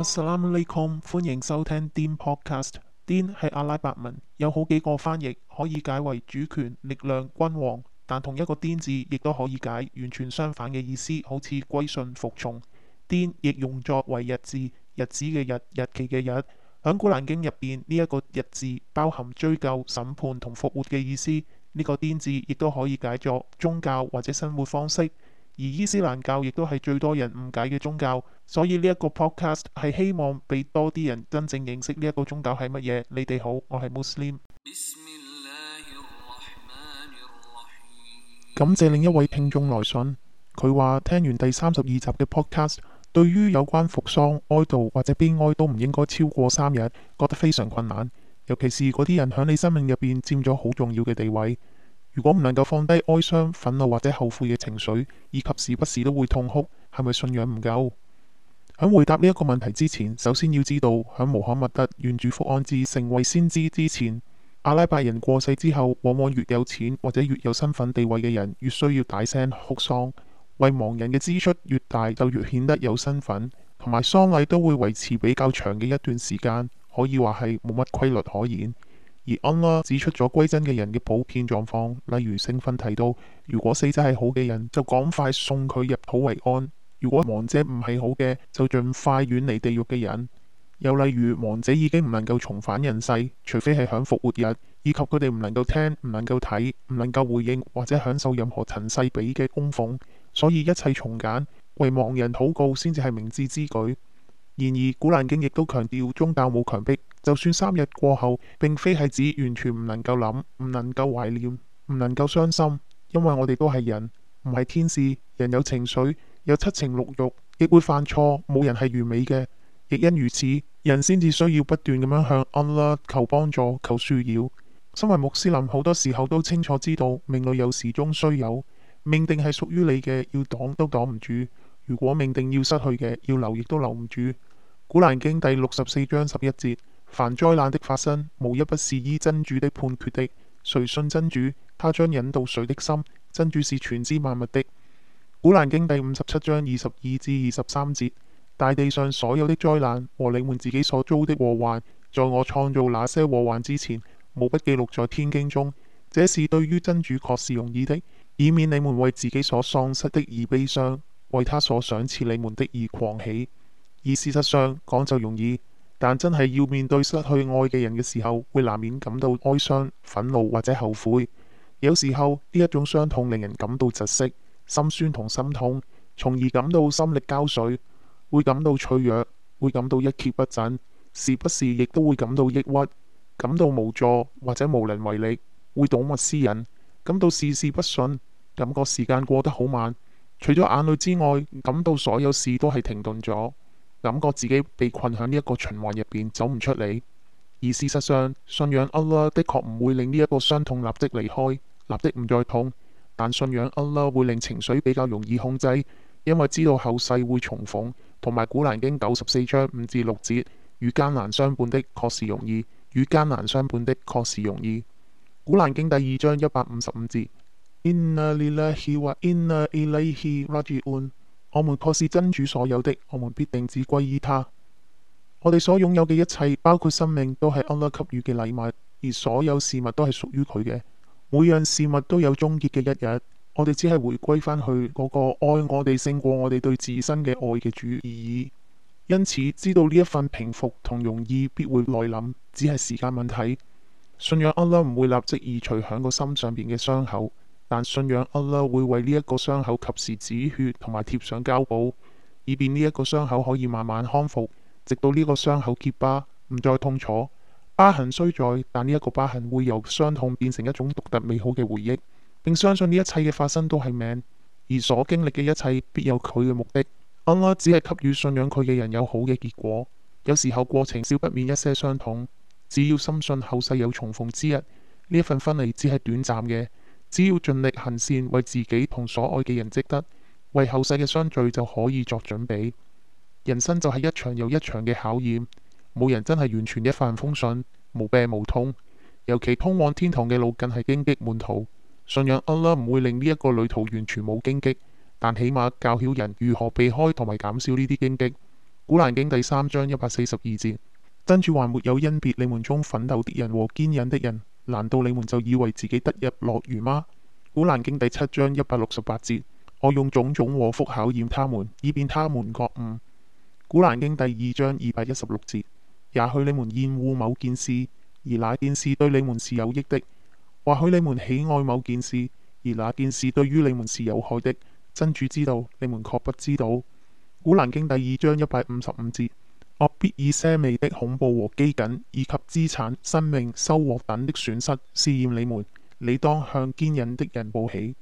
Assalamualaikum，歡迎收聽 Dian Podcast。Dian 係阿拉伯文，有好幾個翻譯，可以解為主權、力量、君王，但同一個 Dian 字亦都可以解完全相反嘅意思，好似歸順、服從。Dian 亦用作為日字，日子嘅日、日期嘅日。喺古蘭經入邊，呢一個日字包含追究、審判同復活嘅意思。呢個 Dian 字亦都可以解作宗教或者生活方式。而伊斯蘭教亦都係最多人誤解嘅宗教，所以呢一個 podcast 係希望俾多啲人真正認識呢一個宗教係乜嘢。你哋好，我係穆斯林。感謝另一位聽眾來信，佢話聽完第三十二集嘅 podcast，對於有關服喪、哀悼或者悲哀都唔應該超過三日，覺得非常困難，尤其是嗰啲人響你生命入邊佔咗好重要嘅地位。如果唔能夠放低哀傷、憤怒或者後悔嘅情緒，以及時不時都會痛哭，係咪信仰唔夠？喺回答呢一個問題之前，首先要知道喺穆罕默德、願主福安之成為先知之前，阿拉伯人過世之後，往往越有錢或者越有身份地位嘅人，越需要越大聲哭喪。為亡人嘅支出越大，就越顯得有身份，同埋喪禮都會維持比較長嘅一段時間，可以話係冇乜規律可言。而安拉指出咗歸真嘅人嘅普遍狀況，例如聖訓提到，如果死者係好嘅人，就趕快送佢入土為安；如果亡者唔係好嘅，就盡快遠離地獄嘅人。又例如亡者已經唔能夠重返人世，除非係享復活日，以及佢哋唔能夠聽、唔能夠睇、唔能夠回應或者享受任何塵世俾嘅供奉，所以一切從簡，為亡人禱告先至係明智之舉。然而《古蘭經》亦都強調，宗教冇強迫，就算三日過後，並非係指完全唔能夠諗、唔能夠懷念、唔能夠傷心，因為我哋都係人，唔係天使，人有情緒，有七情六欲，亦會犯錯，冇人係完美嘅。亦因如此，人先至需要不斷咁樣向安拉求幫助、求恕饒。身為穆斯林，好多時候都清楚知道命裏有時終須有，命定係屬於你嘅，要擋都擋唔住。如果命定要失去嘅，要留亦都留唔住。古蘭經第六十四章十一節：凡災難的發生，無一不是依真主的判決的。誰信真主，他將引導誰的心。真主是全知萬物的。古蘭經第五十七章二十二至二十三節：大地上所有的災難和你們自己所遭的禍患，在我創造那些禍患之前，無不記錄在天經中。這是對於真主確是容易的，以免你們為自己所喪失的而悲傷，為他所想，賜你們的而狂喜，而事實上講就容易，但真係要面對失去愛嘅人嘅時候，會難免感到哀傷、憤怒或者後悔。有時候呢一種傷痛令人感到窒息、心酸同心痛，從而感到心力交瘁，會感到脆弱，會感到一蹶不振，時不時亦都會感到抑鬱，感到無助或者無能為力，會睹物思人，感到事事不順，感覺時間過得好慢。除咗眼淚之外，感到所有事都係停頓咗，感覺自己被困喺呢一個循環入邊，走唔出嚟。而事實上，信仰阿拉的確唔會令呢一個傷痛立即離開，立即唔再痛。但信仰阿拉會令情緒比較容易控制，因為知道後世會重逢。同埋《古蘭經》九十四章五至六節：與艱難相伴的確是容易，與艱難相伴的確是容易。《古蘭經》第二章一百五十五節。Inna lillahi wa inna ilayhi raji'un, 我們確是真主所有的，我們必定只歸依他。我哋所擁有嘅一切，包括生命，都係安拉給予嘅禮物，而所有事物都係屬於佢嘅。每樣事物都有終結嘅一日，我哋只係回歸返去嗰個愛我哋勝過我哋對自身嘅愛嘅主而已。因此，知道呢一份平復同容易，必會來臨，只係時間問題。信仰安拉唔會立即移除響個心上邊嘅傷口。但信仰阿拉會為呢一個傷口及時止血，同埋貼上膠布，以便呢一個傷口可以慢慢康復，直到呢個傷口結疤，唔再痛楚。疤痕雖在，但呢一個疤痕會由傷痛變成一種獨特美好嘅回憶，並相信呢一切嘅發生都係命，而所經歷嘅一切必有佢嘅目的。阿拉只係給予信仰佢嘅人有好嘅結果。有時候過程少不免一些傷痛，只要深信後世有重逢之日，呢一份分離只係短暫嘅。只要盡力行善，為自己同所愛嘅人積德，為後世嘅相聚就可以作準備。人生就係一場又一場嘅考驗，冇人真係完全一帆風順，無病無痛。尤其通往天堂嘅路更係荊棘滿途，信仰阿拉唔會令呢一個旅途完全冇荊棘，但起碼教曉人如何避開同埋減少呢啲荊棘。古蘭經第三章一百四十二節：真主還沒有甄別你們中奮鬥的人和堅忍的人。難道你們就以為自己得入樂園嗎？古蘭經第七章一百六十八節，我用種種禍福考驗他們，以便他們覺悟。古蘭經第二章二百一十六節，也許你們厭惡某件事，而那件事對你們是有益的；或許你們喜愛某件事，而那件事對於你們是有害的。真主知道，你們確不知道。古蘭經第二章一百五十五節。我必以些微的恐怖和饑饉，以及資產、生命、收穫等的損失試驗你們。你當向堅忍的人報喜。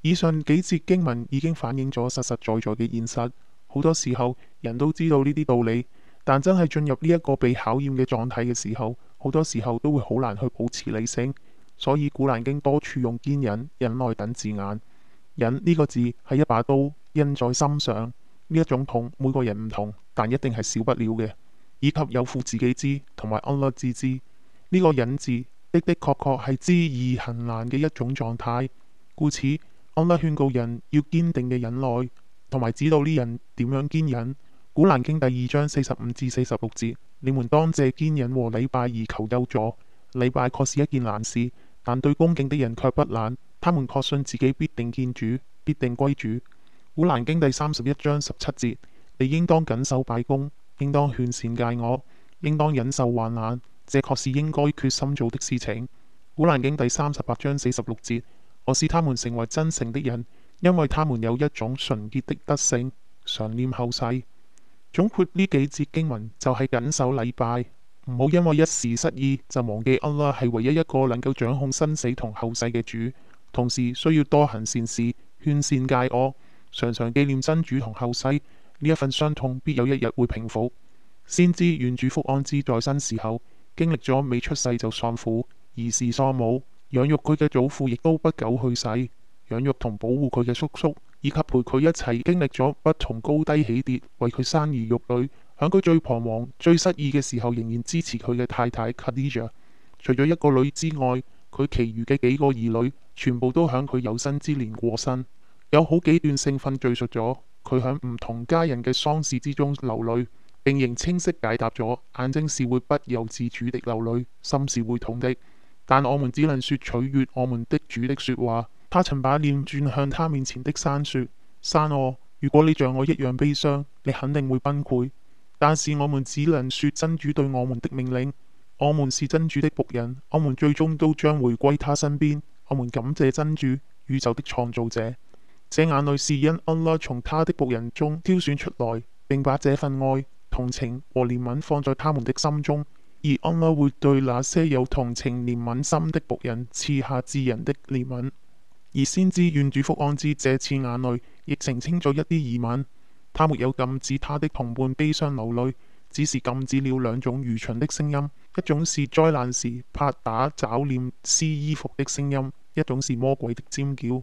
以上幾節經文已經反映咗實實在在嘅現實。好多時候人都知道呢啲道理，但真係進入呢一個被考驗嘅狀態嘅時候，好多時候都會好難去保持理性。所以《古蘭經》多處用堅忍、忍耐等字眼。忍呢個字係一把刀，印在心上。呢一種痛，每個人唔同。但一定係少不了嘅，以及有苦自己知同埋安拉自知。呢、這個忍字的的確確係知易行難嘅一種狀態，故此安拉勸告人要堅定嘅忍耐，同埋指導呢人點樣堅忍。古蘭經第二章四十五至四十六節：你們當借堅忍和禮拜而求佑助。禮拜確是一件難事，但對恭敬的人卻不難。他們確信自己必定見主，必定歸主。古蘭經第三十一章十七節。你應當謹守拜功，應當勸善戒惡，應當忍受患難，這確是應該決心做的事情。古蘭經第三十八章四十六節，我使他們成為真誠的人，因為他們有一種純潔的德性，常念後世。總括呢幾節經文就係謹守禮拜，唔好因為一時失意就忘記阿拉係唯一一個能夠掌控生死同後世嘅主，同時需要多行善事，勸善戒惡，常常紀念真主同後世。呢一份傷痛必有一日會平復，先知願主福安之在生時候，經歷咗未出世就喪父，兒時喪母，養育佢嘅祖父亦都不久去世，養育同保護佢嘅叔叔，以及陪佢一齊經歷咗不同高低起跌，為佢生兒育女，喺佢最彷徨、最失意嘅時候仍然支持佢嘅太太 Khadija。除咗一個女之外，佢其餘嘅幾個兒女全部都喺佢有生之年過身，有好幾段聖訓敘述咗。佢喺唔同家人嘅喪事之中流淚，並仍清晰解答咗：眼睛是會不由自主的流淚，心是會痛的。但我們只能說取悅我們的主的説話。他曾把臉轉向他面前的山，説：山哦，如果你像我一樣悲傷，你肯定會崩潰。但是我們只能說真主對我們的命令：我們是真主的僕人，我們最終都將回歸他身邊。我們感謝真主，宇宙的創造者。這眼淚是因安拉從他的僕人中挑選出來，並把這份愛、同情和憐憫放在他們的心中，而安拉會對那些有同情、憐憫心的僕人賜下至仁的憐憫。而先知願主福安之，這次眼淚亦澄清咗一啲疑問。他沒有禁止他的同伴悲傷流淚，只是禁止了兩種愚蠢的聲音：一種是災難時拍打找臉撕衣服的聲音，一種是魔鬼的尖叫。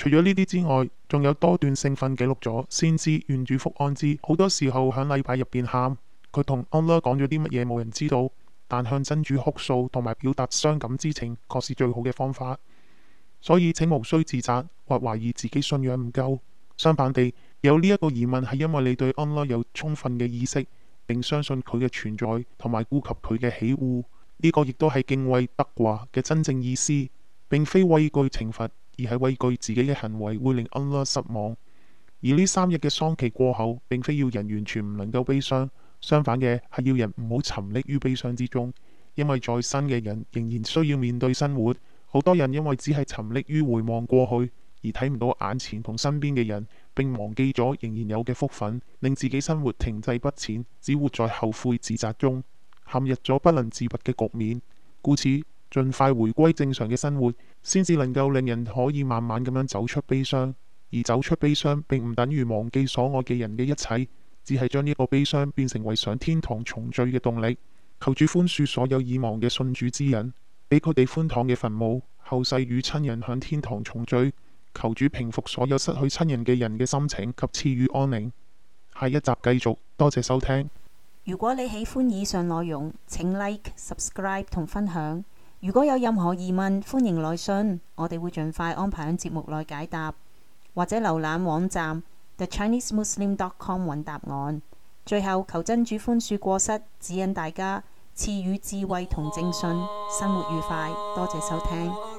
除咗呢啲之外，仲有多段聖訓記錄咗先知願主福安之，好多時候喺禮拜入邊喊，佢同安拉講咗啲乜嘢，冇人知道。但向真主哭訴同埋表達傷感之情，確是最好嘅方法。所以請無需自責或懷疑自己信仰唔夠。相反地，有呢一個疑問係因為你對安拉有充分嘅意識，並相信佢嘅存在同埋顧及佢嘅喜惡。呢、呢個亦都係敬畏德華嘅真正意思，並非畏懼，懼懲罰。而係畏懼自己嘅行為會令安拉失望。而呢三日嘅喪期過後，並非要人完全唔能夠悲傷，相反嘅係要人唔好沉溺於悲傷之中，因為在生嘅人仍然需要面對生活。好多人因為只係沉溺於回望過去，而睇唔到眼前同身邊嘅人，並忘記咗仍然有嘅福分，令自己生活停滯不前，只活在後悔自責中，陷入咗不能自拔嘅局面。故此，盡快回歸正常嘅生活，先至能夠令人可以慢慢咁樣走出悲傷。而走出悲傷，並唔等於忘記所愛嘅人嘅一切，只係將呢個悲傷變成為上天堂重聚嘅動力。求主寬恕所有已亡嘅信主之人，俾佢哋寬敞嘅墳墓，後世與親人向天堂重聚。求主平復所有失去親人嘅人嘅心情及賜予安寧。下一集繼續，多謝收聽。如果你喜歡以上內容，請 Like、Subscribe 同分享。如果有任何疑問，歡迎來信，我哋會盡快安排喺節目內解答，或者瀏覽網站 TheChineseMuslim.com 揾答案。最後，求真主寬恕過失，指引大家，賜予智慧同正信，生活愉快。多謝收聽。